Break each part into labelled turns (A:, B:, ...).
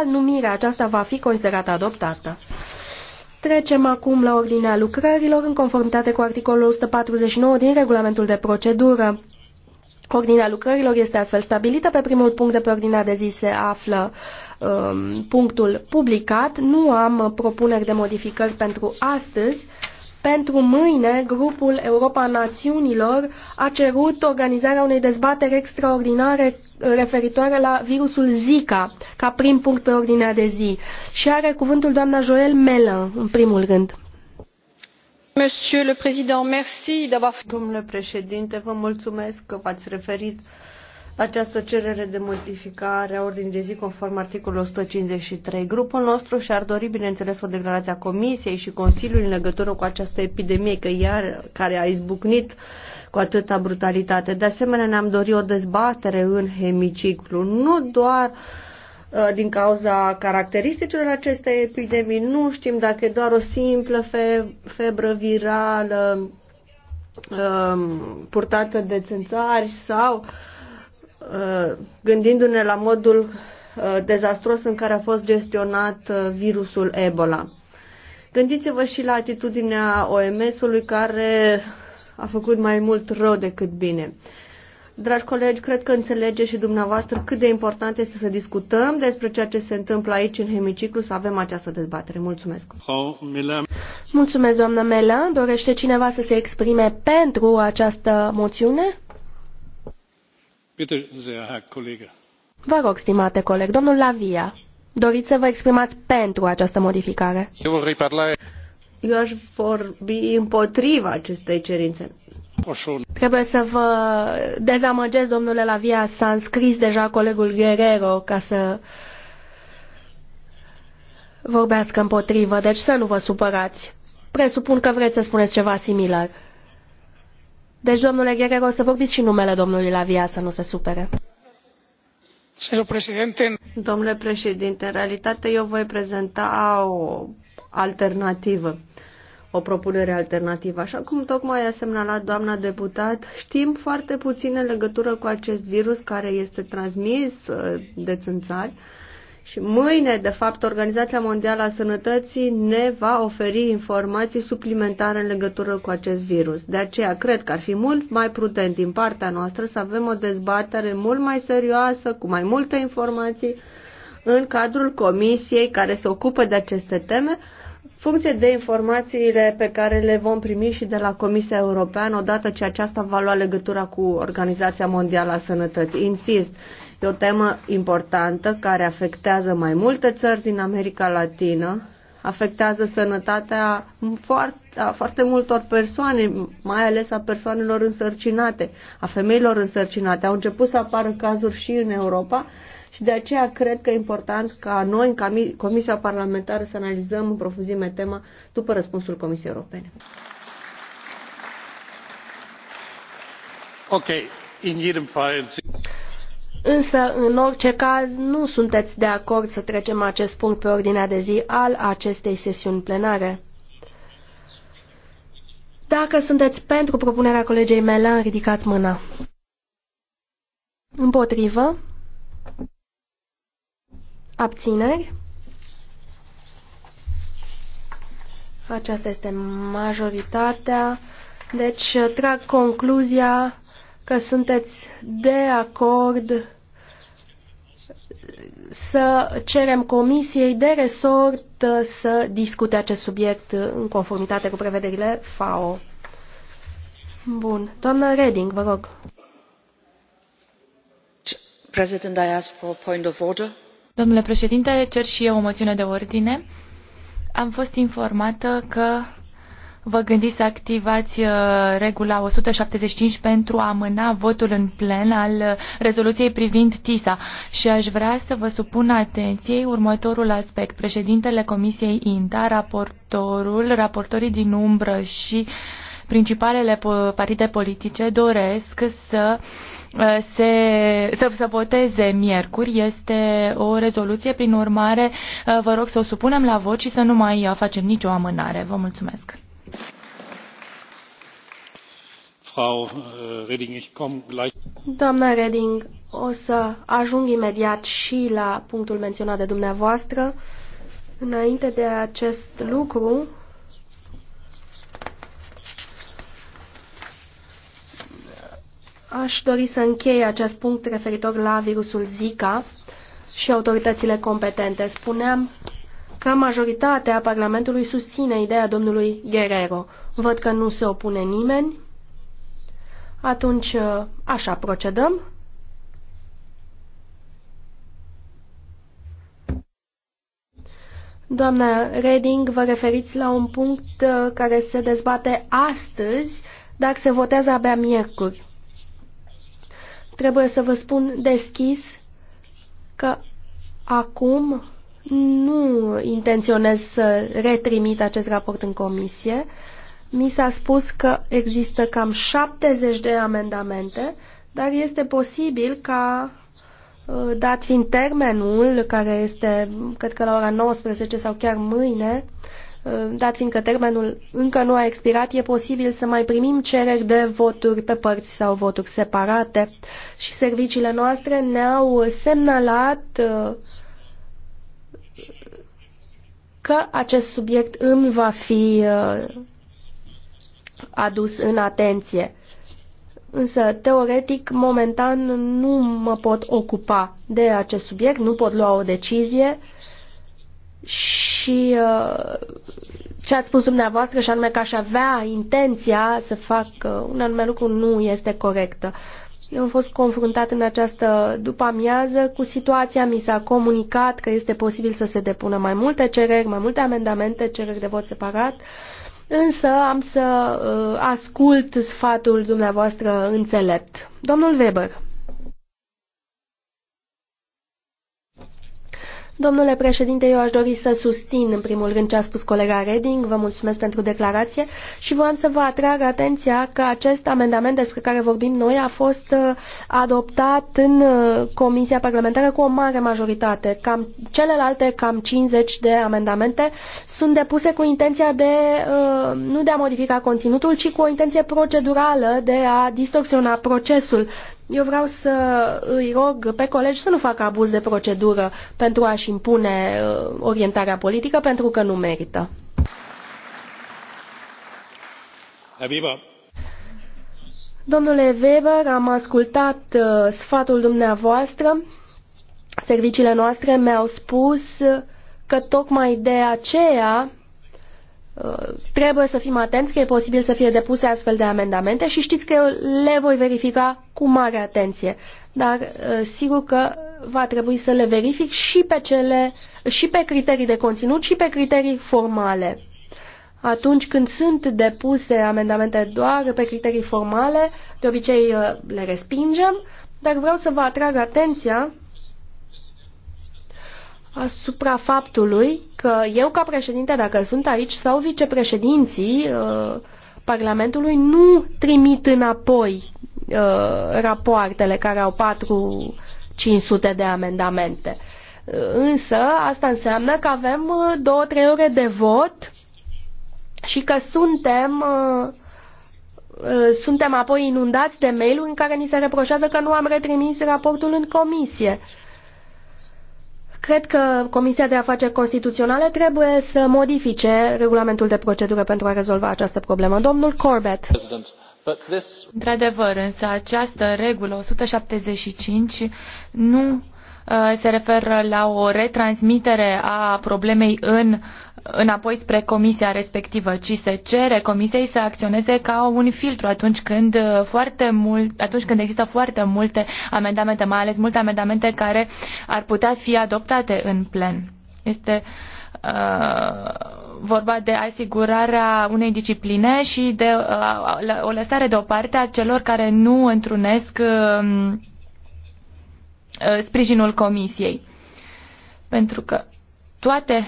A: principal, numirea aceasta va fi considerată adoptată. Trecem acum la ordinea lucrărilor în conformitate cu articolul 149 din regulamentul de procedură. Ordinea lucrărilor este astfel stabilită. Pe primul punct de pe ordinea de zi se află um, punctul publicat. Nu am propuneri de modificări pentru astăzi. Pentru mâine, grupul Europa Națiunilor a cerut organizarea unei dezbateri extraordinare uh, referitoare la virusul Zika, ca prim punct pe ordinea de zi. Și are cuvântul doamna Joël Mela, în primul rând.
B: Domnule președinte, vă mulțumesc că v-ați referit această cerere de modificare a ordinii de zi conform articolul 153. Grupul nostru și-ar dori, bineînțeles, o declarație a Comisiei și Consiliului în legătură cu această epidemie că iar, care a izbucnit cu atâta brutalitate. De asemenea, ne-am dorit o dezbatere în hemiciclu, nu doar uh, din cauza caracteristicilor acestei epidemii, nu știm dacă e doar o simplă febră virală um, purtată de țânțari sau uh, Uh, gândindu-ne la modul uh, dezastros în care a fost gestionat uh, virusul Ebola. Gândiți-vă și la atitudinea OMS-ului care a făcut mai mult rău decât bine. Dragi colegi, cred că înțelege și dumneavoastră cât de important este să discutăm despre ceea ce se întâmplă aici în hemiciclu, să avem această dezbatere. Mulțumesc! Mulțumesc, doamnă
A: Mela. Dorește cineva să se exprime pentru această moțiune? Vă rog, stimate coleg, domnul Lavia, doriți să vă exprimați pentru această modificare? Eu aș
B: vorbi împotriva acestei cerințe.
A: Trebuie să vă dezamăgesc, domnule Lavia, s-a înscris deja colegul Guerrero ca să vorbească împotrivă, deci să nu vă supărați. Presupun că vreți să spuneți ceva similar. Deci, domnule Guerrero, să vorbiți și numele domnului Lavia, să nu se supere.
B: Domnule președinte, în realitate eu voi prezenta o alternativă, o propunere alternativă. Așa cum tocmai a semnalat doamna deputat, știm foarte puțin în legătură cu acest virus care este transmis uh, de țânțari și mâine, de fapt, Organizația Mondială a Sănătății ne va oferi informații suplimentare în legătură cu acest virus. De aceea, cred că ar fi mult mai prudent din partea noastră să avem o dezbatere mult mai serioasă, cu mai multe informații, în cadrul comisiei care se ocupă de aceste teme, funcție de informațiile pe care le vom primi și de la Comisia Europeană odată ce aceasta va lua legătura cu Organizația Mondială a Sănătății. Insist, E o temă importantă care afectează mai multe țări din America Latină, afectează sănătatea foarte, a foarte multor persoane, mai ales a persoanelor însărcinate, a femeilor însărcinate. Au început să apară cazuri și în Europa și de aceea cred că e important ca noi, în Comisia Parlamentară, să analizăm în profuzime tema după răspunsul Comisiei Europene.
C: Ok, in jedem Fall.
A: Însă, în orice caz, nu sunteți de acord să trecem acest punct pe ordinea de zi al acestei sesiuni plenare. Dacă sunteți pentru propunerea colegei Melan, ridicați mâna. Împotrivă. Abțineri. Aceasta este majoritatea. Deci trag concluzia că sunteți de acord să cerem comisiei de resort să discute acest subiect în conformitate cu prevederile FAO. Bun. Doamna Reding, vă rog. President, I ask for point of order.
C: Domnule președinte, cer și eu o moțiune de ordine. Am fost informată că vă gândiți să activați uh, regula 175 pentru a amâna votul în plen al uh, rezoluției privind TISA și aș vrea să vă supun atenției următorul aspect. Președintele Comisiei INTA, raportorul, raportorii din umbră și principalele partide politice doresc să uh, se, să, să voteze miercuri. Este o rezoluție, prin urmare vă rog să o supunem la vot și să nu mai facem nicio amânare. Vă mulțumesc.
B: Äh,
A: Doamna Reding, o să ajung imediat și la punctul menționat de dumneavoastră. Înainte de acest lucru, aș dori să închei acest punct referitor la virusul Zika și autoritățile competente. Spuneam că majoritatea Parlamentului susține ideea domnului Guerrero. Văd că nu se opune nimeni. Atunci, uh, așa procedăm. Doamna Reding, vă referiți la un punct uh, care se dezbate astăzi, dar se votează abia miercuri. Trebuie să vă spun deschis că acum nu intenționez să retrimit acest raport în comisie, mi s-a spus că există cam 70 de amendamente, dar este posibil ca, uh, dat fiind termenul, care este, cred că la ora 19 sau chiar mâine, uh, dat fiind că termenul încă nu a expirat, e posibil să mai primim cereri de voturi pe părți sau voturi separate și serviciile noastre ne-au semnalat uh, că acest subiect îmi va fi adus în atenție. Însă, teoretic, momentan nu mă pot ocupa de acest subiect, nu pot lua o decizie și uh, ce ați spus dumneavoastră și anume că aș avea intenția să fac uh, un anume lucru nu este corectă. Eu am fost confruntat în această după-amiază cu situația, mi s-a comunicat că este posibil să se depună mai multe cereri, mai multe amendamente, cereri de vot separat. Uh, însă am să uh, ascult sfatul dumneavoastră înțelept. Domnul Weber. Domnule președinte, eu aș dori să susțin în primul rând ce a spus colega Reding, vă mulțumesc pentru declarație și voiam să vă atrag atenția că acest amendament despre care vorbim noi a fost uh, adoptat în uh, Comisia Parlamentară cu o mare majoritate. Cam celelalte, cam 50 de amendamente, sunt depuse cu intenția de uh, nu de a modifica conținutul, ci cu o intenție procedurală de a distorsiona procesul eu vreau să îi rog pe colegi să nu facă abuz de procedură pentru a-și impune uh, orientarea politică, pentru că nu merită. Weber. Domnule Weber, am ascultat uh, sfatul dumneavoastră. Serviciile noastre mi-au spus că tocmai de aceea trebuie să fim atenți că e posibil să fie depuse astfel de amendamente și știți că eu le voi verifica cu mare atenție. Dar uh, sigur că va trebui să le verific și pe, cele, și pe criterii de conținut și pe criterii formale. Atunci când sunt depuse amendamente doar pe criterii formale, de obicei uh, le respingem, dar vreau să vă atrag atenția asupra faptului că eu ca președinte, dacă sunt aici, sau vicepreședinții uh, Parlamentului nu trimit înapoi uh, rapoartele care au 4-500 de amendamente. Uh, însă asta înseamnă că avem 2-3 uh, ore de vot și că suntem uh, uh, suntem apoi inundați de mail-uri în care ni se reproșează că nu am retrimis raportul în comisie. Cred că Comisia de Afaceri Constituționale trebuie să modifice regulamentul de procedură pentru a rezolva această problemă. Domnul Corbett.
C: Într-adevăr, însă această regulă 175 nu Uh, se referă la o retransmitere a problemei în înapoi spre comisia respectivă, ci se cere comisiei să acționeze ca un filtru atunci când, uh, foarte mult, atunci când există foarte multe amendamente, mai ales multe amendamente care ar putea fi adoptate în plen. Este uh, vorba de asigurarea unei discipline și de uh, o lăsare deoparte a celor care nu întrunesc uh, Uh, sprijinul Comisiei. Pentru că toate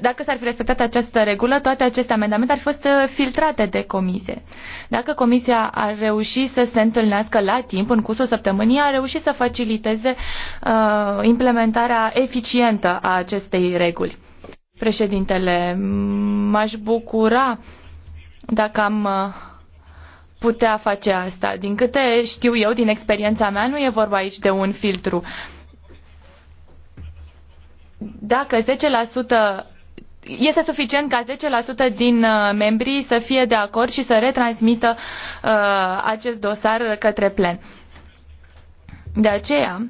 C: dacă s-ar fi respectat această regulă, toate aceste amendamente ar fi fost uh, filtrate de comisie. Dacă comisia a reușit să se întâlnească la timp, în cursul săptămânii, a reușit să faciliteze uh, implementarea eficientă a acestei reguli. Președintele, m-aș bucura dacă am uh, putea face asta. Din câte știu eu, din experiența mea, nu e vorba aici de un filtru. Dacă 10% este suficient ca 10% din uh, membrii să fie de acord și să retransmită uh, acest dosar către plen. De aceea,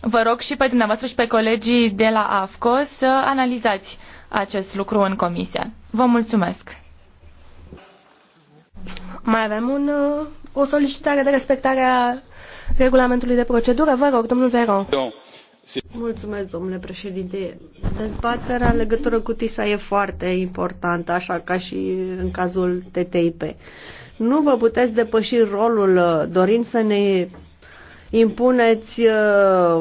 C: vă rog și pe dumneavoastră și pe colegii de la AFCO să analizați acest lucru în comisie. Vă mulțumesc!
A: Mai avem un, uh, o solicitare de respectare a regulamentului de procedură. Vă rog, domnul Veron.
B: Mulțumesc, domnule președinte. Dezbaterea legătură cu TISA e foarte importantă, așa ca și în cazul TTIP. Nu vă puteți depăși rolul uh, dorind să ne impuneți uh,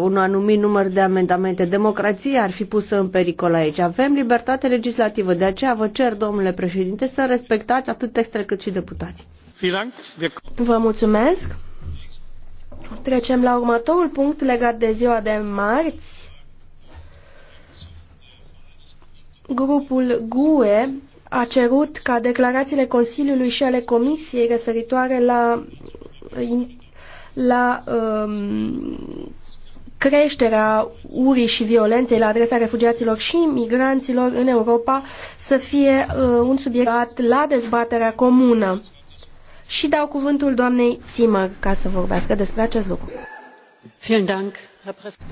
B: un anumit număr de amendamente. Democrația ar fi pusă în pericol aici. Avem libertate legislativă, de aceea vă cer, domnule președinte, să respectați atât textele cât și deputații. Vă mulțumesc.
A: Trecem la următorul punct legat de ziua de marți. Grupul GUE a cerut ca declarațiile Consiliului și ale Comisiei referitoare la la um, creșterea urii și violenței la adresa refugiaților și migranților în Europa să fie uh, un subiect la dezbaterea comună. Și dau cuvântul doamnei Zimmer ca să vorbească despre acest lucru.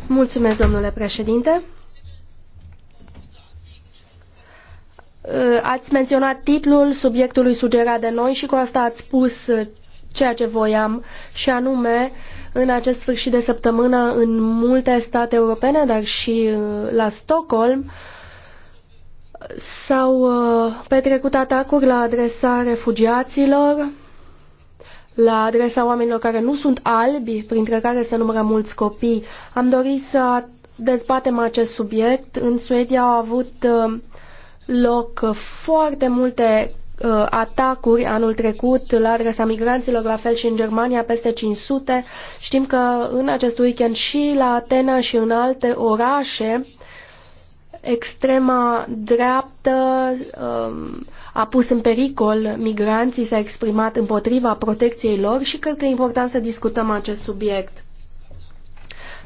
A: Mulțumesc, domnule președinte. Uh, ați menționat titlul subiectului sugerat de noi și cu asta ați spus ceea ce voiam și anume în acest sfârșit de săptămână în multe state europene, dar și uh, la Stockholm, s-au uh, petrecut atacuri la adresa refugiaților, la adresa oamenilor care nu sunt albi, printre care se numără mulți copii. Am dorit să dezbatem acest subiect. În Suedia au avut uh, loc foarte multe Uh, atacuri anul trecut la adresa migranților, la fel și în Germania, peste 500. Știm că în acest weekend și la Atena și în alte orașe extrema dreaptă um, a pus în pericol migranții, s-a exprimat împotriva protecției lor și cred că e important să discutăm acest subiect.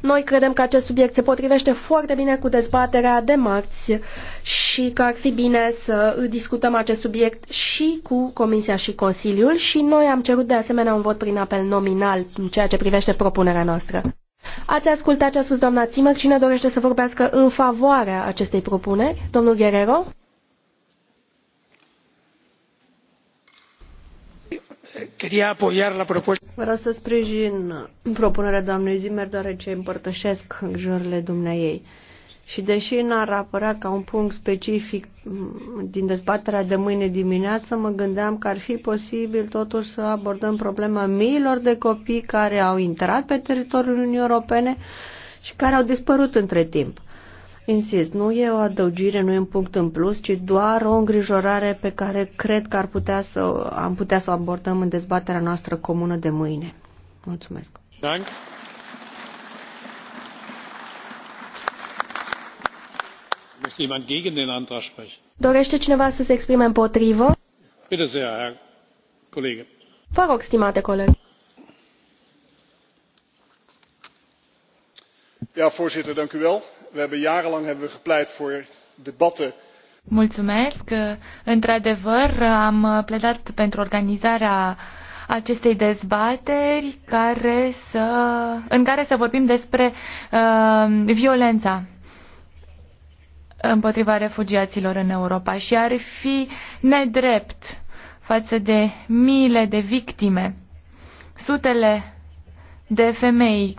A: Noi credem că acest subiect se potrivește foarte bine cu dezbaterea de marți și că ar fi bine să discutăm acest subiect și cu Comisia și Consiliul și noi am cerut de asemenea un vot prin apel nominal în ceea ce privește propunerea noastră. Ați ascultat ce a spus doamna Țimăr. Cine dorește să vorbească în favoarea acestei propuneri? Domnul Guerrero?
B: Vreau să sprijin propunerea doamnei Zimmer, deoarece împărtășesc îngrijorările dumneaei. Și deși n-ar apărea ca un punct specific mm, din dezbaterea de mâine dimineață, mă gândeam că ar fi posibil totuși să abordăm problema miilor de copii care au intrat pe teritoriul Uniunii Europene și care au dispărut între timp. Insist, nu e o adăugire, nu e un punct în plus, ci doar o îngrijorare pe care cred că ar putea să, am putea să o abordăm în dezbaterea noastră comună de mâine. Mulțumesc. Dank.
A: Dorește cineva să se exprime împotrivă? Bitte sehr, Herr Kollege. Vă rog, stimate coleg.
B: Ja, voorzitter, dank
A: u wel we hebben jarenlang hebben we gepleit voor debatten.
C: Mulțumesc. Într-adevăr, am pledat pentru organizarea acestei dezbateri care să, în care să vorbim despre uh, violența împotriva refugiaților în Europa și ar fi nedrept față de miile de victime, sutele de femei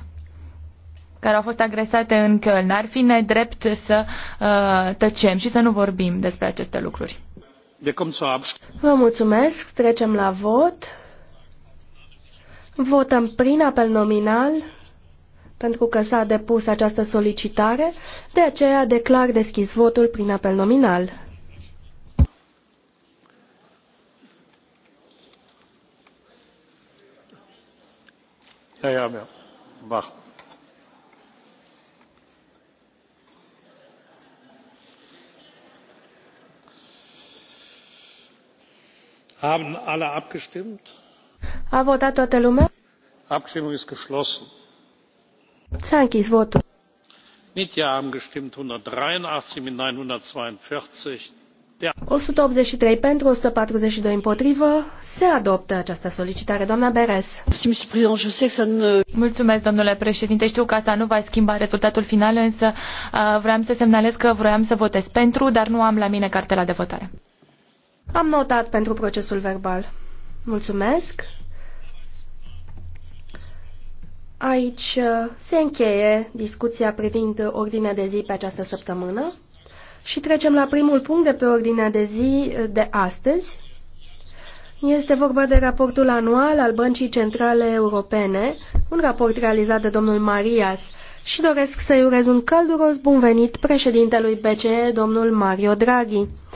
C: care au fost agresate în Köln. Ar fi nedrept să uh, tăcem și să nu vorbim despre aceste lucruri. Vă mulțumesc. Trecem la vot. Votăm prin apel
A: nominal pentru că s-a depus această solicitare, de aceea declar deschis votul prin apel nominal.
B: Ja, ja, ja. Wach. haben alle abgestimmt?
A: a votat toată lumea?
B: abstimmung ist geschlossen.
A: s-a închis votul.
B: mit ja haben gestimmt 183 mit nein 142.
A: 183 pentru, 142
C: împotrivă. Se adoptă această solicitare, doamna Beres. Mulțumesc, domnule președinte. Știu că asta nu va schimba rezultatul final, însă uh, vreau să semnalez că vroiam să votez pentru, dar nu am la mine cartela de votare.
A: Am notat pentru procesul verbal. Mulțumesc. Aici uh, se încheie discuția privind ordinea de zi pe această săptămână și trecem la primul punct de pe ordinea de zi uh, de astăzi. Este vorba de raportul anual al Băncii Centrale Europene, un raport realizat de domnul Marias și doresc să-i urez un călduros bun venit președintelui BCE, domnul Mario Draghi.